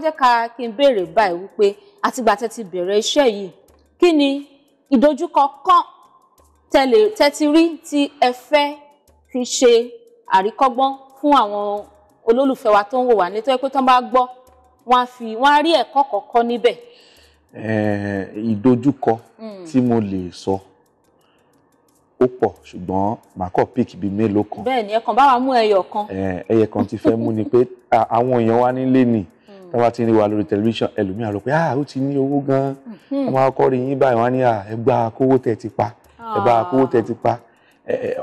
jẹ́ ká kí n béèrè báyìí wípé àtìgbà tẹ́ ti bẹ̀rẹ̀ iṣẹ́ yìí kí ni ìdojúkọ kan tẹ́ ti rí tí ẹ fẹ́ fi ṣe àríkọ́gbọ́n fún àwọn olólùfẹ́ wa tó ń wò wá nítorí pé tán bá gbọ́ wọ́n á fi wọ́n á rí ẹ̀kọ́ kọ̀ọ̀kan níbẹ̀. ìdojúkọ hmm. tí mo lè sọ ó pọ̀ ṣùgbọ́n màá kọ́ píìkì bíi mélòó kan. bẹ́ẹ̀ ni ẹ̀kan bá wa mú ẹyọ kan. ẹyẹ kan ti fẹ́ mú ni pé àwọn èèyàn wa nílé ni. Eh, tí wọ́n ti ń rí wa lórí tẹlifíṣàn ẹlòmíì àrò pé ah, ó ti ní owó gan-an hmm. wọ́n máa rí yín báyìí wọ́n ní ah, ẹgbà kówó tẹ̀ ti pa ẹgbà ah. kówó tẹ̀ ti pa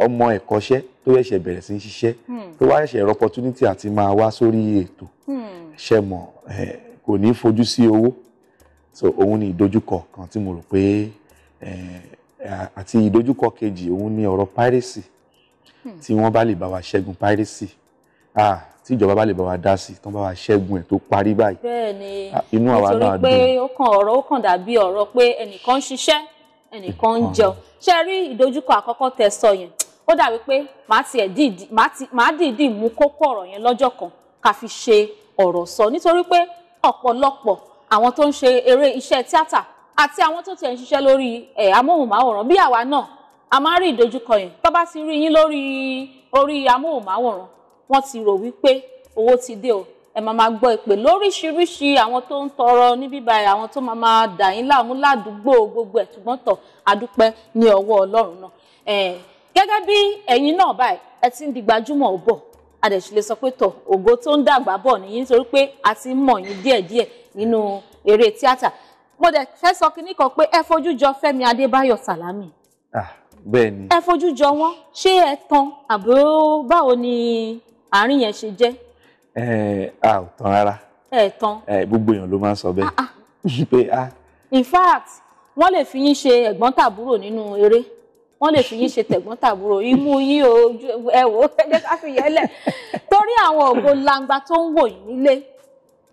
ọmọ ẹ̀kọ́ṣẹ́ tó ṣẹ̀ṣẹ̀ bẹ̀rẹ̀ sí í ṣiṣẹ́ hmm. tó wá ṣẹ̀ṣẹ̀ rọ opportunity àti máa wá sórí ètò hmm. ṣe mọ̀ kò ní fojú sí owó so òun ni ìdojúkọ kan tí mo rò pé àti ìdojúkọ kejì òun ni ọ̀rọ̀ piracy tí wọ́n bá lè bá wa ṣẹ́gun piracy ah tí ìjọba bá lè bá wa dá sí tán bá wa ṣẹ́gun ẹ̀ tó parí báyìí. bẹ́ẹ̀ni ah, inú àwa náà dùn nítorí pé ó kàn ọ̀rọ̀ ó kàn dàbí ọ̀rọ̀ pé ẹnìkan ń ṣiṣẹ́ ẹnìkan ń jẹun ṣé rí ìdojúkọ àkọ́kọ́ tẹ́ sọ yẹn ó dàbí pé màá tiẹ̀ dìídì màá dìídì mú kókó ọ̀rọ̀ yẹn lọ́jọ́ kan ká fi ṣe ọ̀rọ̀ sọ nítorí pé ọ̀pọ̀lọpọ̀ àwọn tó ń ṣe eré iṣẹ́ tíátà àti àwọn tó tiẹ̀ ń ṣiṣẹ́ lórí ẹ̀ amóhùnmáwòrán bí àwa náà a máa ń rí ìdojúkọ yẹn tó bá ti rí yín lórí orí amóhùnmáwòrán wọ́n ti rò wípé owó ti dé o ẹ máa máa gbọ́ ìpè lóríṣiríṣi àwọn tó ń tọrọ níbí báyìí àwọn tó máa máa dà yín láàmú ládùúgbò gbogbo ẹ̀ ṣùgbọ́n tọ̀ adúpẹ́ ní ọwọ́ ọlọ́run náà gẹ́gẹ́ bí ẹ̀yin náà báyìí ẹ ti ń di gbajúmọ̀ ò bọ̀ adẹ̀sí lè sọ pé tọ̀ ògo tó ń dàgbà bọ̀ nìyí nítorí pé a ti ń mọ̀ yín díẹ̀díẹ̀ nínú eré tíátà mo dẹ̀ fẹ́ sọ kinní kan pé ẹ fojú jọ Fẹ́mi Adébáyọ̀ Sàlámì. Ah, bẹ́ẹ̀ ni ẹ fojú jọ wọn ṣé ẹ tan àbí báwo ni àárín yẹn ṣe jẹ́. ẹ ẹ a ò tán rárá. ẹ tán. ẹ gbogbo èèyàn ló máa ń sọ bẹ́ẹ̀. Ah, ah. pé a. in fact wọ́n lè fi yín ṣe ẹ̀gbọ́n tàbúrò nínú eré wọ́n lè fi yín ṣe tẹ̀gbọ́n tàbúrò imú yín o ẹ wò ó ẹjẹ ká fi yẹlẹ torí àwọn ògo langba tó ń wò yín nílé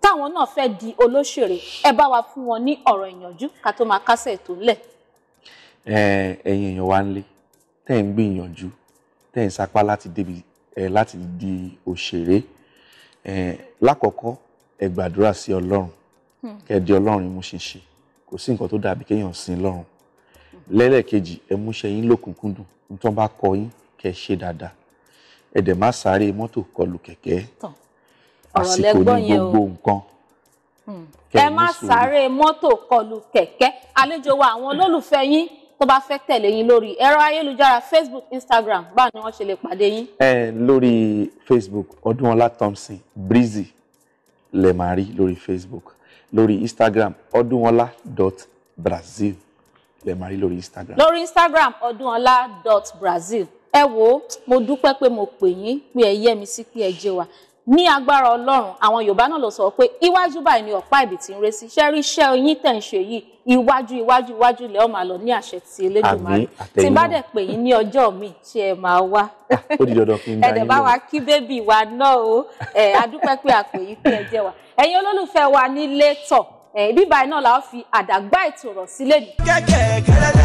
táwọn náà fẹ́ di olóṣèré ẹ bá wa fún wọn ní ọ̀rọ̀ ìyànjú ká tó máa kásẹ̀ tó lẹ̀. ẹ̀yin èèyàn wa ń lé tẹ́ ń gbìyànjú tẹ́ ń sapá láti débi ẹ láti di òṣèré ẹ lákọ̀ọ́kọ́ ẹ gbàdúrà sí ọlọ́run hmm. kẹ́ ẹ di ọlọ́run mú ṣinṣin kò sí nǹkan tó dàbí kéèyàn sin lọ́run lẹ́lẹ́kejì ẹ múṣẹ́ yín lókùnkúndùn nítorí bá kọ yín kẹ́ ẹ ṣe dáadáa ẹ dẹ̀ má sáré mọ́tò kọlù kẹ̀kẹ́ àsìkò ní gbogbo nǹkan hmm. ẹ má sáré mọ́tò kọlù kẹ̀kẹ́ àlejò wa àwọn olólùfẹ́ yín tó bá fẹ́ tẹ̀lé yín lórí ẹ̀rọ ayélujára facebook instagram báwo ni wọ́n ṣe lè pàdé yín. ẹ lórí facebook ọdúnọlá thompson breezy lè máa rí lórí facebook lórí instagram ọdúnọlá dot brazil lè máa rí lórí instagram. lórí instagram ọdúnọlá dot brazil ẹ wo mo dúpẹ́ pé mo pè yín pé ẹ yẹ́ mi sí pé ẹ jẹ́ wa ní agbára ọlọ́run àwọn yorùbá náà ló sọ pé iwájú báyìí ni ọ̀pá ìbí ti ń ré sí ṣẹ́rí iṣẹ́ oyin tẹ̀ ń ṣe yìí iwájú iwájú iwájú ilẹ̀ ọmọ àlọ́ ní àṣẹ ti Elédùmarè tí bá dẹ̀ pè yín ní ọjọ́ mi ṣé ẹ máa wá ah, ẹ̀dẹ̀ bá wa kí bébì wa náà o adúpẹ́ pé àpè yín pé ẹ jẹ́ wa ẹ̀yin olólùfẹ́ wa nílé tọ̀ bíbáyìí náà la fi àdàgbà ètò rọ̀ sílẹ̀ nìyí.